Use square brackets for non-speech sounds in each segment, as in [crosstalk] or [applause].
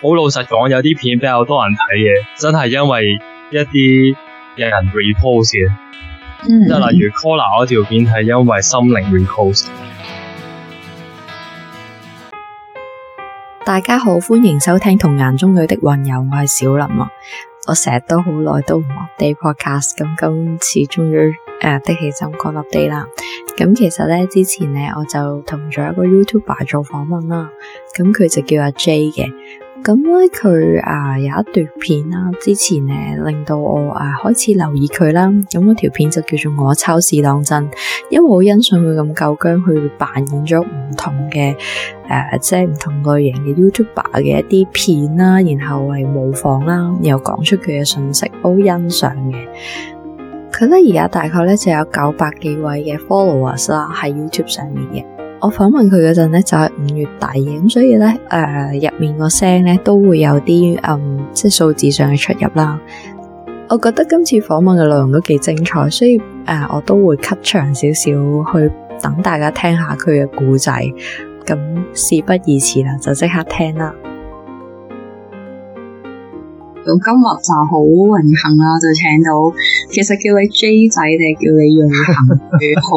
好老實講，有啲片比較多人睇嘅，真係因為一啲有人 repost 嘅，嗯、例如《Collar》嗰條片係因為芯駖 repost。嗯、大家好，歡迎收聽《童顏中女的雲遊》，我係小林啊。我成日都好耐都唔 update podcast，咁今次終於誒的起心肝立地啦。咁其實咧之前咧我就同咗一個 YouTuber 做訪問啦，咁佢就叫阿 Jay 嘅。咁咧，佢有一段片啦，之前令到我啊開始留意佢啦。咁嗰條片就叫做《我抄試當真》，因為我好欣賞佢咁夠姜去扮演咗唔同嘅誒，即係唔同類型嘅 YouTuber 嘅一啲片啦，然後係模仿啦，又講出佢嘅信息，我好欣賞嘅。佢咧而家大概咧就有九百幾位嘅 followers 啦，喺 YouTube 上面嘅。我訪問佢嗰陣呢就係五月底，咁所以呢，誒、呃、入面個聲呢都會有啲誒、嗯、即係數字上嘅出入啦。我覺得今次訪問嘅內容都幾精彩，所以誒、呃、我都會 cut 長少少去等大家聽一下佢嘅故仔。咁事不宜遲啦，就即刻聽啦。今日就好榮幸啦，就請到，其實叫你 J 仔定叫你睿恒？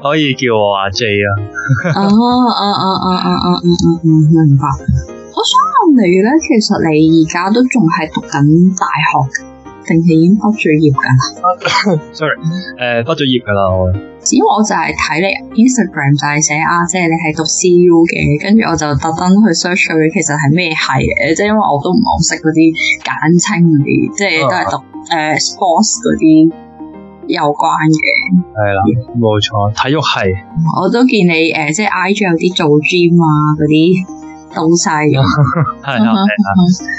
可以叫我阿 J [laughs] 啊。哦哦哦哦哦哦哦哦，明白。我想問你咧，其實你而家都仲係讀緊大學，定係已經畢咗業㗎啦 [laughs] [laughs] ？Sorry，誒，畢咗業㗎啦我。因為我就係睇你 Instagram 就係寫啊，即係你係讀 CU 嘅，跟住我就特登去 search 佢，其實係咩係嘅，即係因為我都唔係好識嗰啲簡稱啲，即係都係讀誒、uh，呃、sports 嗰啲有關嘅。係啦、嗯，冇錯，體育係。我都見你誒、呃，即係 IG 有啲做 gym 啊嗰啲東西。係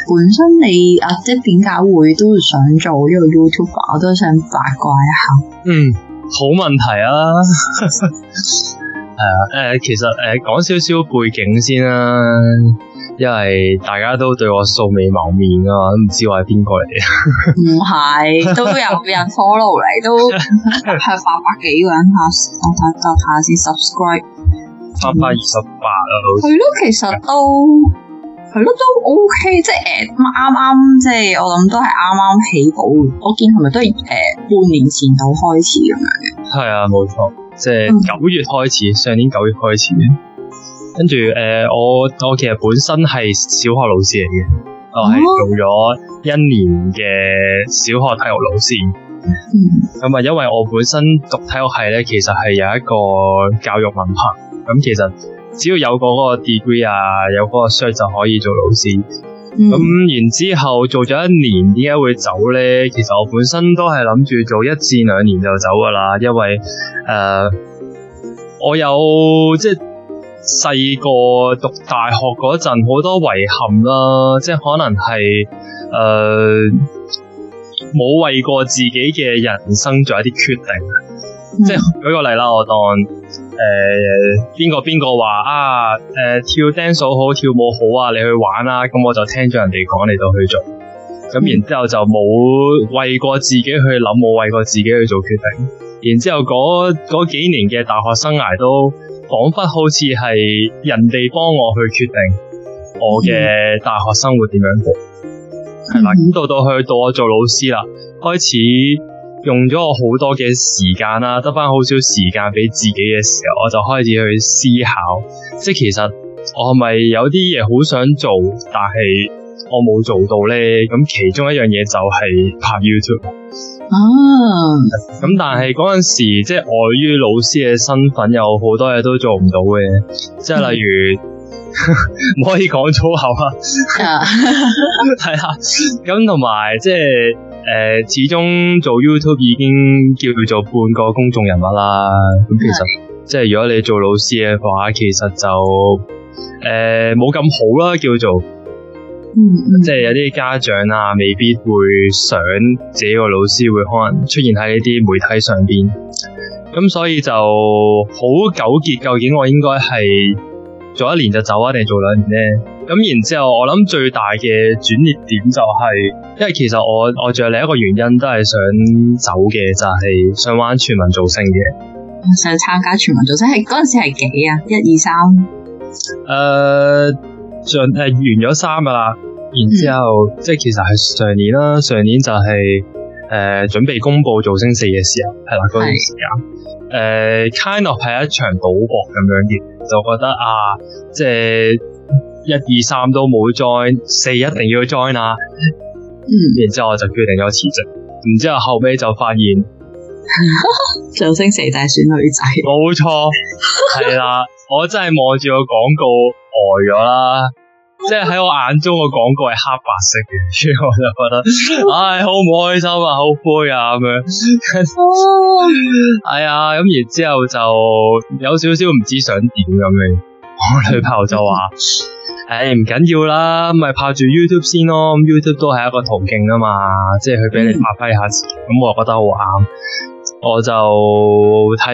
本身你啊，即係點解會都想做呢個 YouTuber 啊？我都想八卦一下。嗯。好問題啊，係 [laughs] 啊，誒、呃、其實誒、呃、講少少背景先啦，因為大家都對我素未謀面啊，嘛，都唔知我係邊個嚟。唔係，都有人 follow 嚟，都係八百幾個人下 subscribe, 啊！我睇我睇下先，subscribe 八百二十八啊，好似係咯像，其實都。 [laughs] 係咯，都 OK，即係誒，啱啱即係我諗都係啱啱起步。我見係咪都係誒半年前就開始咁樣嘅？係啊，冇錯，即係九月開始，嗯、上年九月開始。跟住誒，我我其實本身係小學老師嚟嘅，我係做咗一年嘅小學體育老師。咁、嗯、啊，因為我本身讀體育系咧，其實係有一個教育文憑，咁其實。只要有個嗰個 degree 啊，有嗰個 cert 就可以做老師。咁、嗯、然之後做咗一年，點解會走咧？其實我本身都係諗住做一至兩年就走噶啦，因為誒、呃、我有即係細個讀大學嗰陣好多遺憾啦，即係可能係誒冇為過自己嘅人生做一啲決定。嗯、即係舉、個例啦，我當。誒，邊個邊個話啊？誒、呃，跳 dance 好，跳舞好啊！你去玩啦，啊。咁我就聽咗人哋講，你就去做。咁、嗯、然之後就冇為過自己去諗，冇為過自己去做決定。然之後嗰嗰幾年嘅大學生涯都仿佛好似係人哋幫我去決定我嘅大學生活點樣過。係啦，咁到到去到我做老師啦，開始。用咗我好多嘅時間啦，得翻好少時間俾自己嘅時候，我就開始去思考，即係其實我係咪有啲嘢好想做，但係我冇做到呢。咁其中一樣嘢就係拍 YouTube 啊。咁但係嗰陣時，即係礙於老師嘅身份，有好多嘢都做唔到嘅，即係例如唔 [laughs] [laughs] 可以講粗口啊，係 [laughs] 啊 [laughs] 咁同埋即係。誒，始終做 YouTube 已經叫做半個公眾人物啦。咁、嗯、其實即係如果你做老師嘅話，其實就誒冇咁好啦，叫做，嗯、即係有啲家長啊，未必會想自己個老師會可能出現喺呢啲媒體上邊。咁所以就好糾結，究竟我應該係做一年就走啊，定做兩年咧？咁然之後，我諗最大嘅轉捩點就係、是，因為其實我我仲有另一個原因都係想走嘅，就係、是、想玩全民造星嘅。想參加全民造星，係嗰陣時係幾啊？一二三。誒上誒完咗三個啦，然之後即係、嗯、其實係上年啦。上年就係、是、誒、呃、準備公佈造星四嘅時候，係啦嗰段時間。誒是、呃、，kind of 係一場賭博咁樣嘅，就覺得啊，即係。一二三都冇 join，四一定要 join 啊。嗯、然之後我就決定咗辭職。然之後後尾就發現造星、啊、四大選女仔，冇錯，係 [laughs] 啦。我真係望住個廣告呆咗啦。即係喺我眼中個廣告係黑白色嘅，所以我就覺得，唉、 [laughs] 哎，好唔開心啊，好灰啊咁樣。係啊、 [laughs] [laughs] 哎，咁然之後，後就有少少唔知想點咁樣。我女朋友就話誒，唔緊、欸、要，要啦，咪、就是、拍住 YouTube 先咯，咁 YouTube 都係一個途徑啊嘛，即係佢俾你發揮下，咁、嗯、我又覺得好啱，我就喺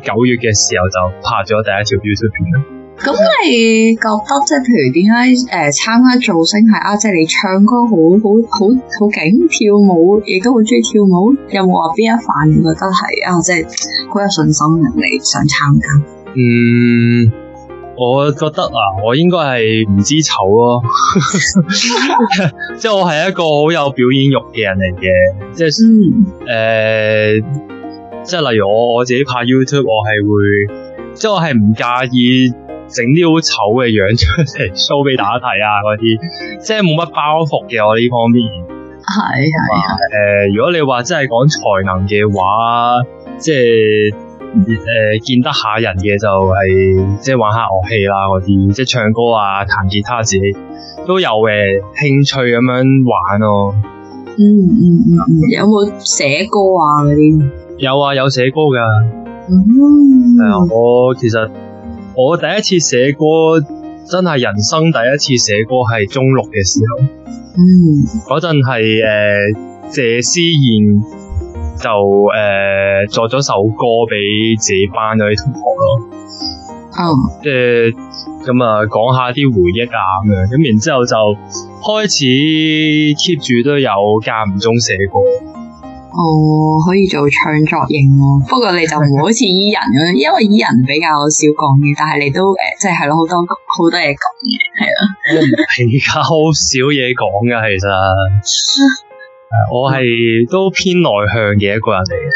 九月嘅時候就拍咗第一條 YouTube 片咯。咁你覺得即係譬如點解誒，參加造星係即係你唱歌好好好好勁，跳舞亦都好中意跳舞，有冇話邊一範你覺得係啊，即係好有信心人哋想參加？嗯。我覺得啊，我應該係唔知醜咯，即係我係一個好有表演欲嘅人嚟嘅、嗯呃，即係誒，即係例如我我自己拍 YouTube，我係會，即、就、係、係、我係唔介意整啲好醜嘅樣出嚟 show 俾 [laughs] 大家睇啊，嗰啲即係冇乜包袱嘅我呢方面 [laughs] 。係係誒，如果你話真係講才能嘅話，即係。誒，見得下人嘅就係即係玩下樂器啦，嗰啲即係唱歌啊，彈吉他自己都有誒興、啊、趣咁樣玩咯、啊嗯。嗯嗯嗯，有冇寫歌啊？嗰啲有啊，有寫歌噶。係啊、嗯嗯哎，我其實我第一次寫歌真係人生第一次寫歌係中六嘅時候。嗯，嗰陣係誒謝思燕。就誒、呃、作咗首歌俾自己班嗰啲同學咯，哦、oh。呃，即係咁啊，講下啲回憶咁嘅，咁然之後就開始 keep 住都有間唔中寫過。哦，oh，可以做唱作型咯、啊，不過你就唔好似依、e、人咁樣， [laughs] 因為依、e、人比較少講嘅，但係你都誒即係咯好多好多嘢講嘅，係咯，而家好少嘢講噶其實。 [laughs] 我係都偏內向嘅一個人嚟嘅，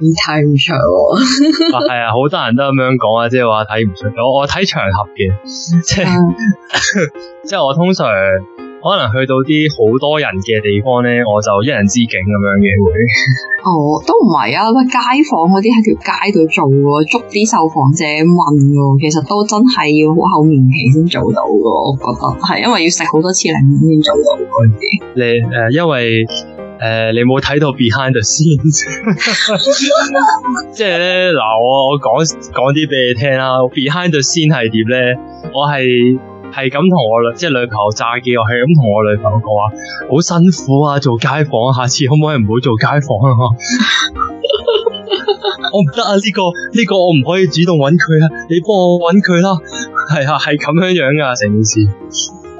你睇唔出？係 [laughs] 啊，好、啊、多人都咁樣講啊，即係話睇唔出。我我睇場合嘅，嗯、即係 [laughs] 即係我通常。可能去到啲好多人嘅地方咧，我就一人之境咁樣嘅會。哦，都唔係啊，乜街訪嗰啲喺條街度做喎，捉啲受訪者問喎，其實都真係要好厚面皮先做到噶，我覺得係，呃，因為要食好多次零先做到嗰啲。你誒， [laughs] [laughs] [laughs] 因為誒，你冇睇到 behind the scene 即係咧嗱，我我講講啲俾你聽啦，behind the scene 係點咧？我係。係咁同我女，即係女朋友炸機。我係咁同我女朋友講，話好辛苦啊，做街訪，下次可唔可以唔好做街訪啊？ [laughs] [laughs] 我唔得啊，呢個，呢個我唔可以主動揾佢啊，你幫我揾佢啦。係啊，係咁樣樣噶成件事。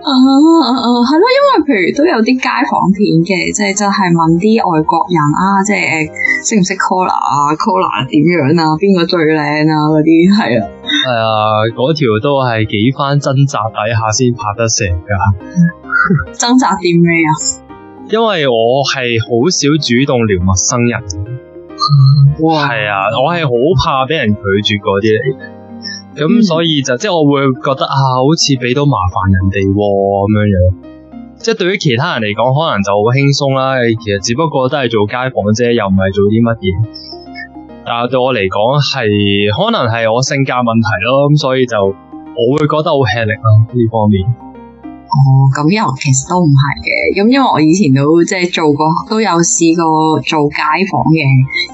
啊啊啊，係咯，因為譬如都有啲街訪片嘅，即係就係問啲外國人啊，即係識唔識 COLLAR 啊，COLLAR 點樣啊，邊個最靚啊嗰啲，係啊。係啊，嗰條，哎，都係幾番掙扎底下先拍得成噶掙 [laughs] 扎點咩啊？因為我係好少主動撩陌生人，係哇啊，我係好怕俾人拒絕嗰啲嚟。咁所以就，嗯，即係我會覺得啊，好似俾到麻煩人哋咁，啊，樣樣。即係對於其他人嚟講，可能就好輕鬆啦。其實只不過都係做街訪啫，又唔係做啲乜嘢。但係對我嚟講，係可能係我性格問題咯，所以就我會覺得好吃力咯，呢方面。哦，咁又其實都唔係嘅，咁、嗯、因為我以前都即係做過都有試過做街訪嘅。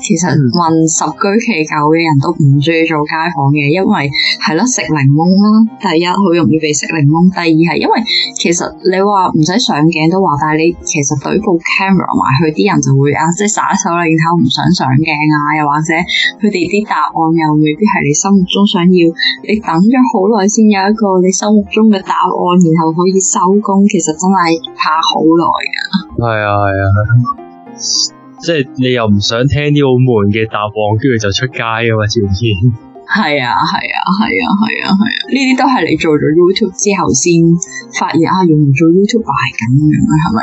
其實問十居其九嘅人都唔中意做街訪嘅，因為係咯，食檸檬啦，第一好容易被食檸檬，第二係因為其實你話唔使上鏡都話，但係你其實懟部 camera 埋去，啲人就會啊，即係耍手啦，擰頭唔想上鏡啊，又或者佢哋啲答案又未必係你心目中想要，你等咗好耐先有一個你心目中嘅答案，然後可以。收工其實真係怕好耐㗎，係啊係啊，即係你又唔想聽啲好悶嘅答案，跟住就出街㗎嘛？趙健，係啊係啊係啊係啊係啊，呢啲都係你做咗 YouTube 之後先發現啊，原來做 YouTube 係咁樣嘅，係咪？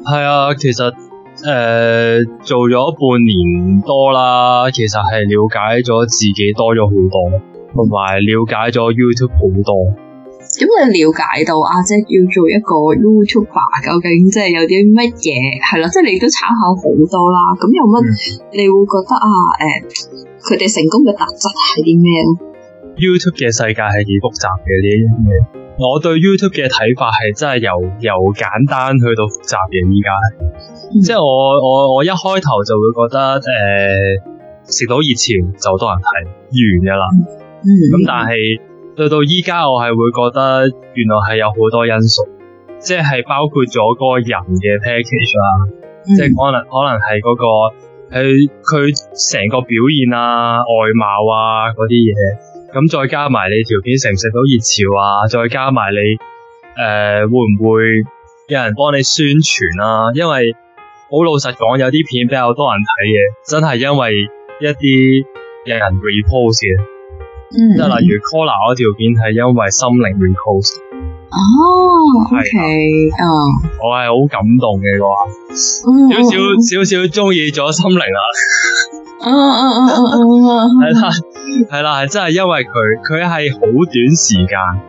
係啊，其實誒、呃、做咗半年多啦，其實係了解咗自己多咗好多，同埋了解咗 YouTube 好多。咁你了解到啊，即係要做一個 YouTuber，究竟即係有啲乜嘢係啦？即係你都參考好多啦。咁有乜你會覺得啊？誒、呃，佢哋成功嘅特質係啲咩咯？YouTube 嘅世界係幾複雜嘅呢一樣嘢。我對 YouTube 嘅睇法係真係由由簡單去到複雜嘅依家。即係、嗯、我我我一開頭就會覺得誒食、呃、到熱潮就多人睇完嘅啦。咁、嗯嗯、但係。到到依家，我係會覺得原來係有好多因素，即係包括咗個人嘅 package 啦，嗯、即係可能可能係嗰、嗰個佢佢成個表現啊、外貌啊嗰啲嘢，咁再加埋你條片成唔成到熱潮啊，再加埋你誒、呃、會唔會有人幫你宣傳啊，因為好老實講有啲片比較多人睇嘅，真係因為一啲有人 repost 嘅。即係、嗯、例如 COLLAR 嗰條片係因為芯駖 repost 哦，OK，啊、oh.，我係好感動嘅個，少少少少中意咗芯駖啊，嗯嗯嗯嗯嗯，係啦係啦，係真係因為佢，佢係好短時間，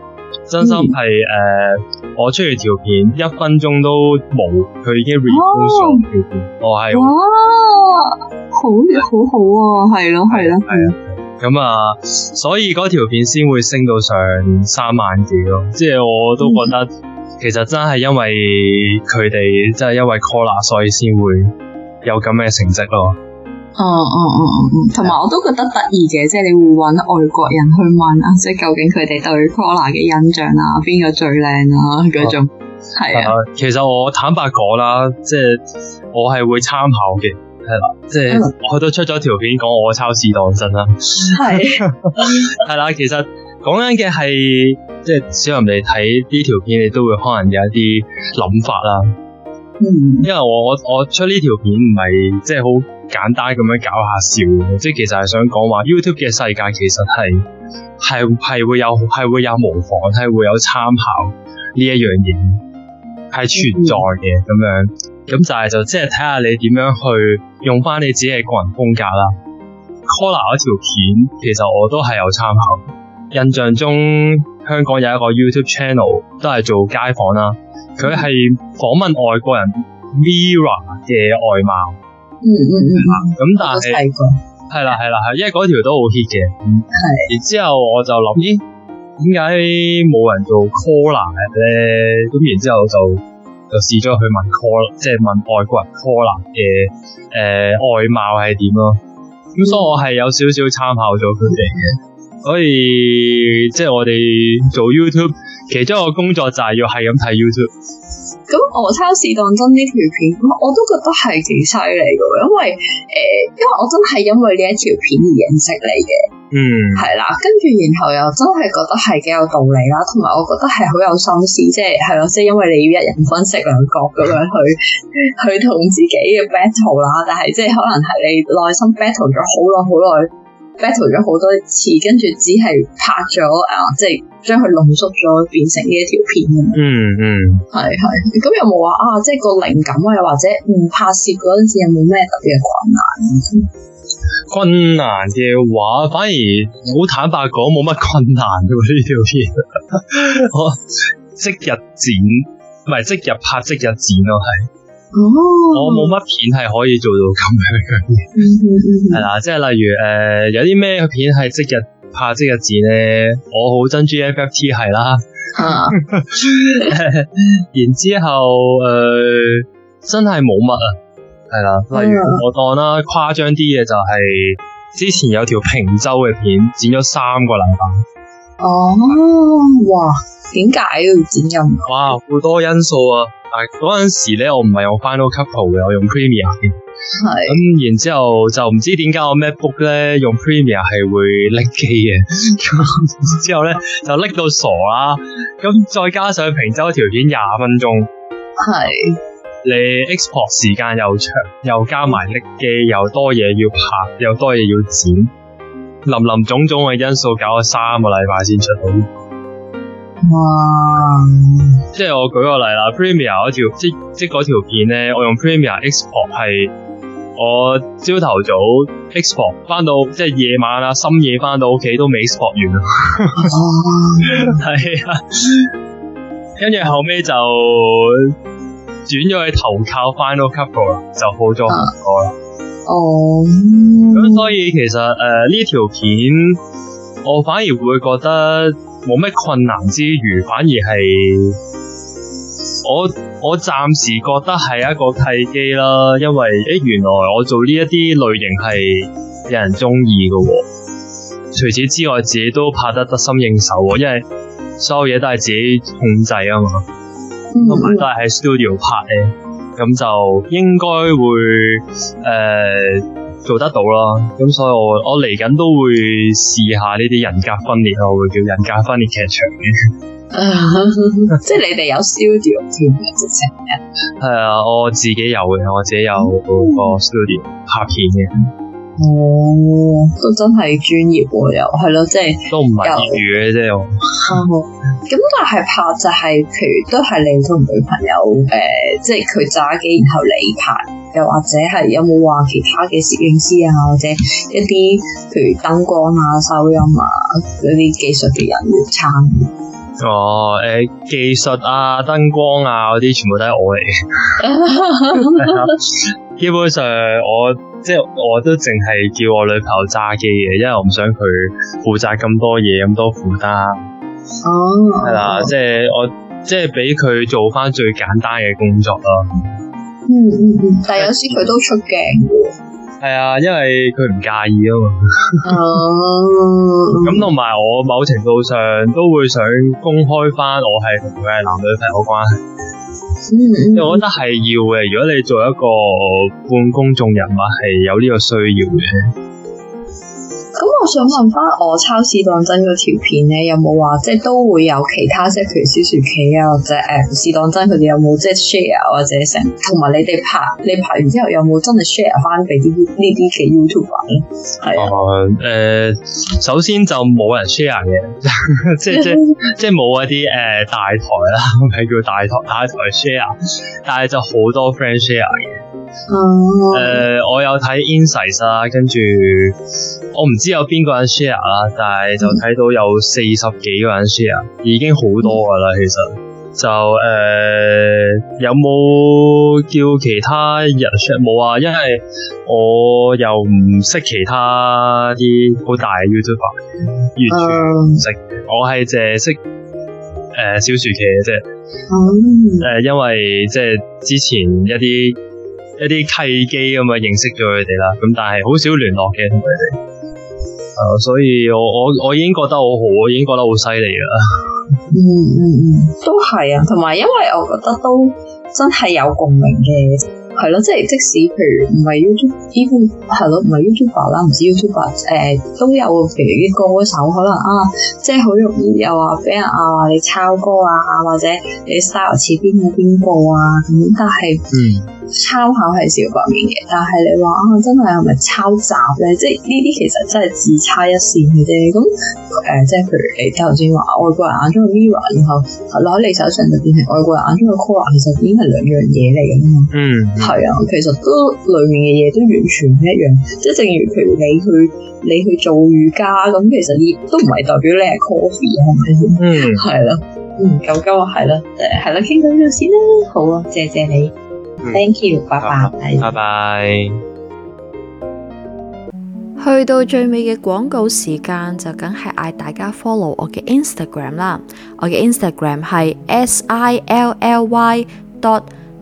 真心係誒、mm. 呃，我出完條片一分鐘都冇，佢已經 repost 咗條片，我係哦，oh. 好好好，好，好好啊，係咯係咯係。咁啊、嗯，所以嗰條片先會升到上三萬幾咯，即係我都覺得、嗯、其實真係因為佢哋真係因為 COLLAR 所以先會有咁嘅成績咯、嗯。嗯嗯嗯嗯，同埋我都覺得得意嘅，即係你會揾外國人去問啊，即係究竟佢哋對 COLLAR 嘅印象啊，邊個最靚啊嗰、嗯、種，係啊、嗯。其實我坦白講啦，即係我係會參考嘅。係啦，即係、就是、我都出咗條片講我抄試當真啦。係係啦，其實講緊嘅係，即、就、係、是、小人哋睇呢條片，你都會可能有一啲諗法啦。嗯、因為我我我出呢條片唔係即係好簡單咁樣搞下笑，即、就、係、是、其實係想講話 YouTube 嘅世界其實係係係會有係會有模仿，係會有參考呢一樣嘢係存在嘅咁、嗯、樣。咁就係就即係睇下你點樣去用翻你自己嘅個人風格啦。COLLAR 嗰條片其實我都係有參考。印象中香港有一個 YouTube channel 都係做街訪啦，佢係訪問外國人 Mira 嘅外貌。嗯嗯咁、嗯、但係係啦係啦係，因為嗰條都好 hit 嘅。係是。然之後我就諗，咦，點解冇人做 COLLAR 嘅咧？咁然之後就。就試咗去問 COLLAR，即係問外國人 COLLAR 嘅誒外貌係點咯。咁所以我係有少少參考咗佢哋嘅，所以即係、就是、我哋做 YouTube，其中一個工作就係要係咁睇 YouTube。咁我抄試當真呢條片，我都覺得係幾犀利嘅，因為誒、呃，因為我真係因為呢一條片而認識你嘅，嗯，係啦，跟住然後又真係覺得係幾有道理啦，同埋我覺得係好有心思，即係係咯，即係因為你要一人分飾兩角咁樣 [laughs] 去去同自己嘅 battle 啦，但係即係可能係你內心 battle 咗好耐好耐。Battle 咗好多次，跟住只係拍咗啊、呃，即係將佢濃縮咗，變成呢一條片咁樣、嗯。嗯嗯，係係，咁有冇話啊？啊，即係個靈感啊，又或者唔拍攝嗰陣時有冇咩特別嘅困難？困難嘅話，反而好坦白講，冇乜困難㗎喎呢條片。這個、 [laughs] 我即日剪，唔係即日拍即日剪咯，係。哦，oh。我冇乜片係可以做到咁樣嘅，係啦，即係例如誒、呃，有啲咩片係即日拍即日剪咧，我好憎 GFFT 係啦， [laughs] [laughs] [laughs] 然之後誒、呃，真係冇乜啊，係啦，例如我當啦、啊，誇張啲嘢就係之前有條平洲嘅片剪咗三個禮拜，哦，oh，哇，點解要剪人？哇，好多因素啊！嗰陣、啊、時咧，我唔係用 Final Cut Pro 嘅，我用 Premiere 嘅。係的。咁、嗯、然之後就唔知點解我 MacBook 咧用 Premiere 係會甩機嘅，之、嗯、後咧就甩到傻啦。咁、嗯、再加上平洲條片廿分鐘，係的。你 Export 時間又長，又加埋甩機，又多嘢要拍，又多嘢要剪，林林總總嘅因素搞咗三個禮拜先出到。哇！Wow. 即係我舉個例啦，Premiere 嗰條即即嗰條片咧，我用 Premiere export 係我朝頭早 export 翻到即係夜晚啊深夜翻到屋企都未 export 完，係啊，跟住後尾就轉咗去投靠 Final Cut Pro、uh. 就好咗好多啦。哦，咁所以其實誒呢、uh, 條片我反而會覺得。冇咩困難之餘，反而係我我暫時覺得係一個契機啦，因為、欸、原來我做呢一啲類型係有人中意嘅喎。除此之外，自己都拍得得心應手喎、哦，因為所有嘢都係自己控制啊嘛，同埋、mm hmm. 都係喺 studio 拍嘅，咁就應該會誒，呃做得到啦，咁所以我我嚟緊都會試下呢啲人格分裂啊，我會叫人格分裂劇場嘅 [laughs] [laughs] 即係你哋有 studio 添，即、就、係、是，係 [laughs] 啊，我自己有嘅，我自己有，有個 studio、mm. 拍片嘅。哦，都真係專業喎、啊，又係咯、啊，即係都唔係粵語嘅啫。咁、啊、但係拍就係、是，譬如都係你同女朋友，誒、呃，即係佢揸機，然後你拍，又或者係有冇話其他嘅攝影師啊，或者一啲譬如燈光啊、收音啊嗰啲技術嘅人要參與？哦，誒、呃，技術啊、燈光啊嗰啲全部都係我嚟。 [laughs] [laughs] 基本上我即係我都淨係叫我女朋友揸機嘅，因為我唔想佢負責咁多嘢，咁多負擔。哦，係啦的、嗯，即係我即係俾佢做翻最簡單嘅工作咯。嗯嗯，但有時佢都出鏡。係啊，因為佢唔介意啊嘛。 [laughs] 哦。咁同埋我某程度上都會想公開翻我係同佢係男女朋友關係。嗯，嗯我覺得係要嘅。如果你做一個半公眾人物，係有呢個需要嘅。咁我想問翻我抄市當真嗰條片咧，有冇話即係都會有其他即譬如小廚企啊，或者誒試當真佢哋有冇即係 share 或者成？同埋你哋拍你拍完之後有冇真係 share 翻俾啲呢啲嘅 YouTuber 咧？係啊，誒首先就冇人 share 嘅， [laughs] 即即即冇一啲誒、呃、大台啦，唔係叫大台大台 share，但係就好多 friend share。誒，uh uh, 我有睇 i n s 啊，跟住我唔知有邊個人 share 啦，但係就睇到有四十幾個人 share，已經好多噶啦。其實就誒，uh, 有冇叫其他人 share 冇啊？因為我又唔識其他啲好大 YouTuber，完全唔識。Uh、我係淨係識誒小薯茄嘅啫。誒、uh，因為即係之前一啲。一啲契機咁啊，認識咗佢哋啦，咁但係好少聯絡嘅同佢哋。誒，所以我我我已經覺得好好，我已經覺得好犀利啦。嗯嗯嗯，都係啊，同埋因為我覺得都真係有共鳴嘅。係咯，即係即使譬如唔係 YouTuber，even 係咯唔係 YouTuber 啦，唔知 YouTuber 誒都有，譬如啲歌手可能啊，即係好容易又話俾人啊你抄歌啊，或者你 style 似邊個邊個啊咁，但係、嗯、抄考係少方面嘅，但係你話啊真係係咪抄襲咧？即係呢啲其實真係只差一線嘅啫。咁、啊、誒，即係譬如你頭先話外國人眼中嘅 vibe，然後攞你手上就變成外國人眼中嘅 core，其實已經係兩樣嘢嚟㗎嘛。嗯。嗯。係啊，其實都裏面嘅嘢都完全唔一樣，即係正如譬如你去你去做瑜伽咁，其實亦都唔係代表你係 coffee 嘅。嗯，係咯，嗯，咁今日係咯，係咯，傾到呢度先啦，好啊，謝謝你，thank you，拜拜，拜拜。去到最尾嘅廣告時間就梗係嗌大家 follow 我嘅 Instagram 啦，我嘅 Instagram 係 silly dot。